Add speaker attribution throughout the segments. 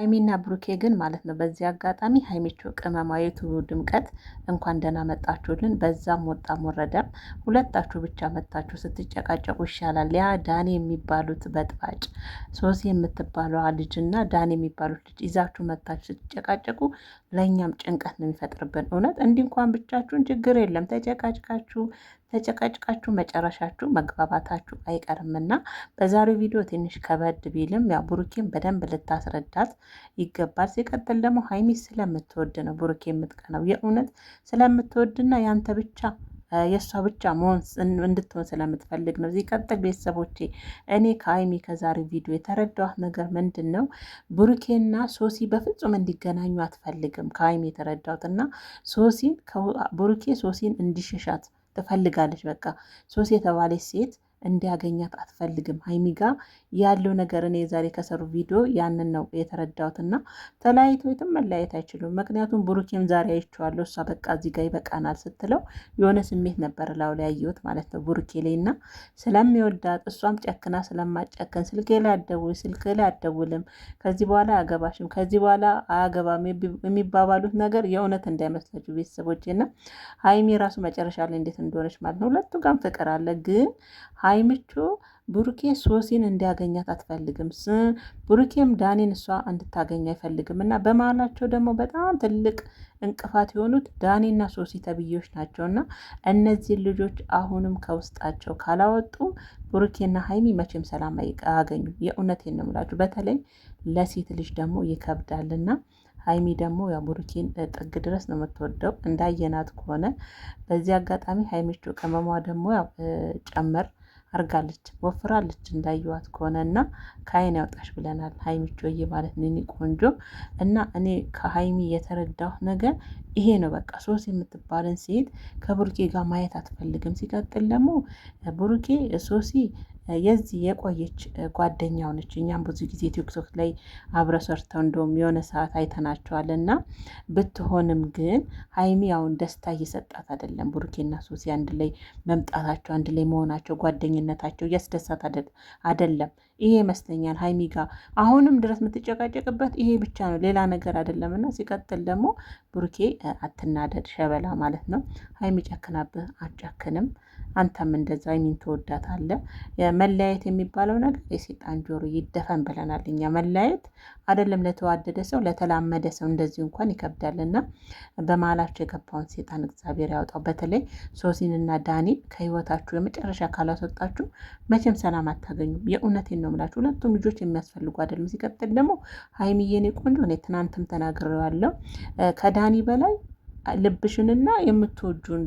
Speaker 1: ሀይሚና ብሩኬ ግን ማለት ነው። በዚህ አጋጣሚ ሀይሚቾ ቅመማዊቱ ድምቀት እንኳን ደህና መጣችሁልን። በዛም ወጣም ወረደም ሁለታችሁ ብቻ መታችሁ ስትጨቃጨቁ ይሻላል። ያ ዳኔ የሚባሉት በጥባጭ ሶሲ የምትባለው ልጅ እና ዳኔ የሚባሉት ልጅ ይዛችሁ መታችሁ ስትጨቃጨቁ ለእኛም ጭንቀት ነው የሚፈጥርብን። እውነት እንዲህ እንኳን ብቻችሁን ችግር የለም ተጨቃጭቃችሁ ተጨቃጭቃችሁ መጨረሻችሁ መግባባታችሁ አይቀርምና በዛሬው ቪዲዮ ትንሽ ከበድ ቢልም ያው ብሩኬን በደንብ ልታስረዳት ይገባል። ሲቀጥል ደግሞ ሀይሚ ስለምትወድ ነው ብሩኬ የምትቀናው የእውነት ስለምትወድና ያንተ ብቻ የእሷ ብቻ መሆን እንድትሆን ስለምትፈልግ ነው። ሲቀጥል ቤተሰቦቼ እኔ ከሀይሚ ከዛሬ ቪዲዮ የተረዳኋት ነገር ምንድን ነው ብሩኬና ሶሲ በፍጹም እንዲገናኙ አትፈልግም። ከሀይሚ የተረዳሁት እና ሶሲን ብሩኬ ሶሲን እንዲሸሻት ትፈልጋለች። በቃ ሶስት የተባለች ሴት እንዲያገኛት አትፈልግም። ሀይሚ ጋ ያለው ነገር እኔ ዛሬ ከሰሩ ቪዲዮ ያንን ነው የተረዳሁትና ተለያይቶ የትም መለያየት አይችሉም። ምክንያቱም ብሩኬም ዛሬ አይቼዋለሁ እሷ በቃ እዚህ ጋ ይበቃናል ስትለው የሆነ ስሜት ነበር ላው ላይ ያየሁት ማለት ነው ብሩኬ ላይ እና ስለሚወዳት እሷም ጨክና ስለማጨከን ስልኬ ላይ አደውል ስልኬ ላይ አደውልም ከዚህ በኋላ አያገባሽም ከዚህ በኋላ አያገባም የሚባባሉት ነገር የእውነት እንዳይመስላችሁ ቤተሰቦቼ እና ሀይሚ ራሱ መጨረሻ ላይ እንዴት እንደሆነች ማለት ነው ሁለቱ ጋም ፍቅር አለ ግን ሀይምቹ ብሩኬ ሶሲን እንዲያገኛት አትፈልግም። ብሩኬም ዳኒን እሷ እንድታገኝ አይፈልግም እና በመሀላቸው ደግሞ በጣም ትልቅ እንቅፋት የሆኑት ዳኒና ሶሲ ተብዬዎች ናቸው እና እነዚህን ልጆች አሁንም ከውስጣቸው ካላወጡ ብሩኬና ሀይሚ መቼም ሰላም አያገኙ። የእውነቴን ነው የምላችሁ። በተለይ ለሴት ልጅ ደግሞ ይከብዳልና ሀይሚ ደግሞ ያው ብሩኬን ጥግ ድረስ ነው የምትወደው እንዳየናት ከሆነ። በዚህ አጋጣሚ ሀይሚቾ ቅመሟ ደግሞ ያው ጨመር አርጋለች ወፍራለች እንዳየዋት ከሆነ እና ከአይን ያውጣሽ ብለናል ሀይሚቾዬ ማለት ነኝ ቆንጆ እና እኔ ከሀይሚ የተረዳሁ ነገር ይሄ ነው። በቃ ሶስት የምትባለን ሴት ከብሩኬ ጋር ማየት አትፈልግም። ሲቀጥል ደግሞ ብሩኬ ሶሲ የዚህ የቆየች ጓደኛው ነች። እኛም ብዙ ጊዜ ቲክቶክ ላይ አብረ ሰርተው እንደውም የሆነ ሰዓት አይተናቸዋል እና ብትሆንም ግን ሀይሚ አሁን ደስታ እየሰጣት አይደለም። ብሩኬና ሶሲ አንድ ላይ መምጣታቸው አንድ ላይ መሆናቸው ጓደኛ ግንኙነታቸው እያስደሳት አይደለም። ይሄ ይመስለኛል ሀይሚ ጋ አሁንም ድረስ የምትጨቃጨቅበት ይሄ ብቻ ነው፣ ሌላ ነገር አደለም። እና ሲቀጥል ደግሞ ብሩኬ አትናደድ ሸበላ ማለት ነው። ሀይሚ ጨክናብህ አትጨክንም። አንተም እንደዛ ሀይሚን ትወዳታለህ። መለያየት የሚባለው ነገር የሴጣን ጆሮ ይደፈን ብለናል እኛ። መለያየት አይደለም ለተዋደደ ሰው ለተላመደ ሰው እንደዚህ እንኳን ይከብዳልና በመሀላቸው የገባውን ሴጣን እግዚአብሔር ያውጣው። በተለይ ሶሲንና ዳኒን ከህይወታችሁ የመጨረሻ ካላስወጣችሁ መቼም ሰላም አታገኙም። የእውነቴን ነው የምላችሁ። ሁለቱም ልጆች የሚያስፈልጉ አይደለም። ሲቀጥል ደግሞ ሀይሚዬ ቆንጆ እኔ ትናንትም ተናግሬዋለሁ ከዳኒ በላይ ልብሽንና የምትወጁን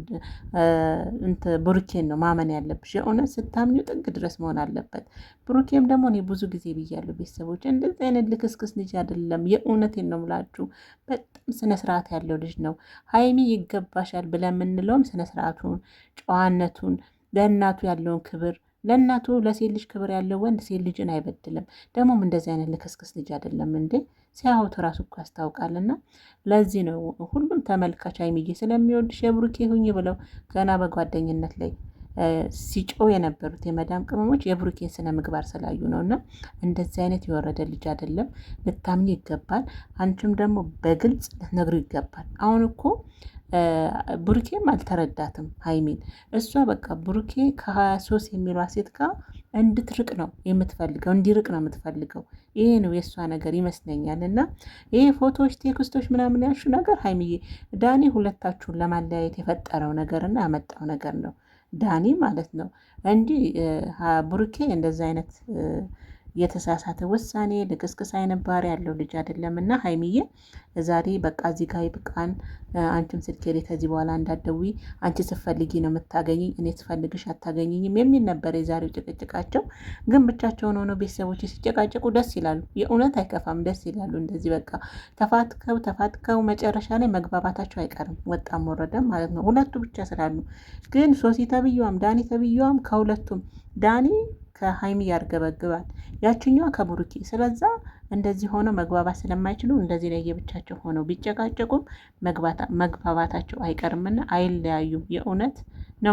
Speaker 1: ብሩኬን ነው ማመን ያለብሽ። የእውነት ስታምኙ ጥግ ድረስ መሆን አለበት። ብሩኬም ደግሞ እኔ ብዙ ጊዜ ብያለሁ ቤተሰቦች፣ እንደዚህ አይነት ልክስክስ ልጅ አይደለም። የእውነቴን ነው ምላችሁ፣ በጣም ስነስርዓት ያለው ልጅ ነው። ሀይሚ ይገባሻል ብለን የምንለውም ስነስርዓቱን፣ ጨዋነቱን፣ ለእናቱ ያለውን ክብር ለእናቱ ለሴት ልጅ ክብር ያለው ወንድ ሴት ልጅን አይበድልም። ደግሞም እንደዚህ አይነት ልክስክስ ልጅ አይደለም እንዴ ሲያዩት ራሱ እኮ ያስታውቃልና ለዚህ ነው ሁሉም ተመልካች ሀይሚዬ ስለሚወድሽ የብሩኬ ሁኝ ብለው ገና በጓደኝነት ላይ ሲጮ የነበሩት የመዳም ቅመሞች የብሩኬን ስነ ምግባር ስላዩ ነው። እና እንደዚህ አይነት የወረደ ልጅ አይደለም፣ ልታምኝ ይገባል። አንቺም ደግሞ በግልጽ ልትነግሩ ይገባል። አሁን እኮ ብሩኬም አልተረዳትም ሀይሚን። እሷ በቃ ብሩኬ ከሀያ ሶስት የሚሏ ሴት ጋር እንድትርቅ ነው የምትፈልገው፣ እንዲርቅ ነው የምትፈልገው። ይሄ ነው የእሷ ነገር ይመስለኛል። እና ይሄ ፎቶዎች፣ ቴክስቶች ምናምን ያሹ ነገር ሀይሚዬ፣ ዳኒ ሁለታችሁን ለማለያየት የፈጠረው ነገርና ያመጣው ነገር ነው ዳኒ ማለት ነው እንዲህ ብሩኬ እንደዚ አይነት የተሳሳተ ውሳኔ ልቅስቅስ አይነባር ያለው ልጅ አይደለም እና ሀይሚዬ ዛሬ በቃ እዚህ ጋ ይብቃን። አንቺም ስልኬ ላይ ከዚህ በኋላ እንዳደዊ አንቺ ስትፈልጊ ነው የምታገኘኝ፣ እኔ ስፈልግሽ አታገኘኝም የሚል ነበር የዛሬው ጭቅጭቃቸው። ግን ብቻቸውን ሆነው ቤተሰቦች ሲጨቃጨቁ ደስ ይላሉ። የእውነት አይከፋም፣ ደስ ይላሉ። እንደዚህ በቃ ተፋትከው ተፋትከው መጨረሻ ላይ መግባባታቸው አይቀርም፣ ወጣም ወረደም ማለት ነው። ሁለቱ ብቻ ስላሉ ግን ሶሲ ተብዬዋም ዳኒ ተብዬዋም ከሁለቱም ዳኒ ከሀይሚ ያርገበግባል፣ ያችኛዋ ከብሩኬ። ስለዛ እንደዚህ ሆኖ መግባባት ስለማይችሉ እንደዚህ ለየብቻቸው ሆነው ቢጨቃጨቁም መግባባታቸው አይቀርምና አይለያዩም። የእውነት ነው።